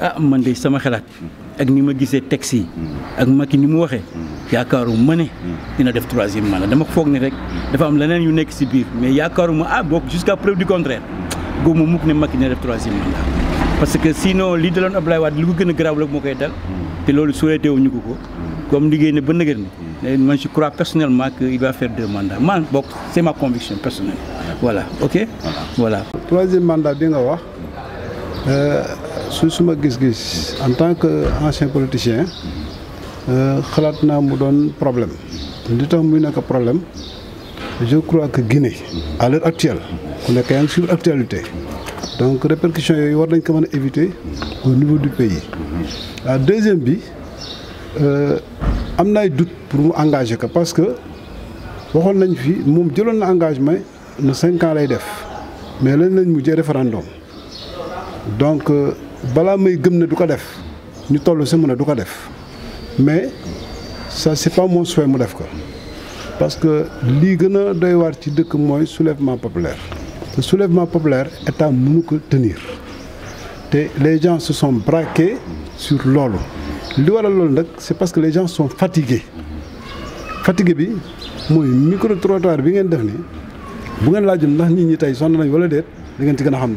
ah man de sama xalat ak ni ma gisé taxi ak maki ni mu waxee yaakaaruma mané dina def 3e mandat dama foog ni rek dafa am leneen yu nek ci bir mais yaakaaruma ah bok jusqu'à preuve du contraire góob ma mukk ne Macky dina def 3e mandat parce que sinon li daloon Abdoulaye Wade li ko gëna a garaaw la koy dal te lolu souhaité wuñu ko comme liggéey ne ba nëgër ni man je crois personnellement que il va faire deux mandats man bokk c'est ma conviction personnelle voilà ok voilà troisième mandat bi nga wax Euh, su suma gis-gis en tant que ancien politicien euh, xalaat naa mu doon problème li tax muy nekk problème je crois que Guinée à l'heure actuelle ku nekk yaa suivre actualité donc répercussions yooyu war nañ ko mën a éviter au niveau du pays ah deuxième bi euh, am na ay doute pour mu engager ko parce que waxoon nañ fii moom jëloon na engagement na cinq lay def mais lañ mu mujjee référendum donc euh, balaa may ne mais ça c'est pas mon souhait parce que ce qui doy soulèvement populaire Le soulèvement populaire est à tenir les gens se sont braqués sur l'eau. c'est parce que les gens sont fatigués Fatigués bi micro trottoir bi ngeen def Si bu ngeen pas ndax nit ñi sont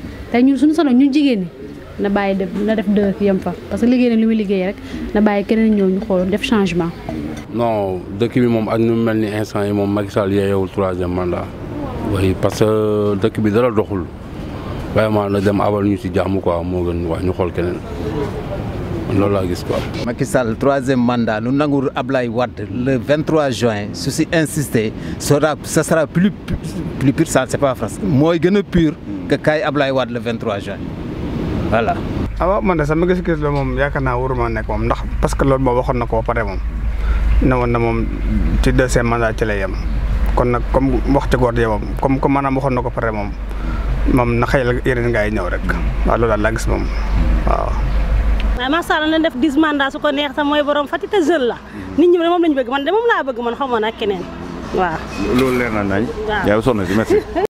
tey ñun suñu solo ñun jigéen ñi na bàyyi def na def dër yam fa parce que liggéey na li muy liggéey rek na bàyyi keneen ñoo ñu xool def changement. non dëkk bi moom ak ñu mu mel ni instant yi moom Macky Sall yeewul troisième mandat. oui parce que dëkk bi dara doxul vraiment na dem abal ñu ci jàmm quoi moo gën wax ñu xool keneen loolu laa gis quoi. Macky Sall troisième mandat nu nangur Ablaye Wade le 23 juin su si insister sera ça sera plus plus pur ça c'est pas France mooy gën a pur. màggkaay Ablaye Wade le 23 juin voilà. ah waaw man de sama gis-gis la moom yaakaar naa waruma nekk moom ndax parce que loolu moo waxoon na ko ba pare moom ne woon na moom ci deuxième mandat ci lay yem kon nag comme wax ci góor comme comme maanaam waxoon na ko pare moom moom na xëy la yeneen gaa ñëw rek waaw loolu daal laa gis moom waa waaye allah na def dix mandat su ko neex sax mooy borom Fatick te jeune la nit ñi moom lañ bëgg man de moom laa bëgg man xamoon ak keneen waaw. loolu leer na nañ. waaw yow sonn si merci.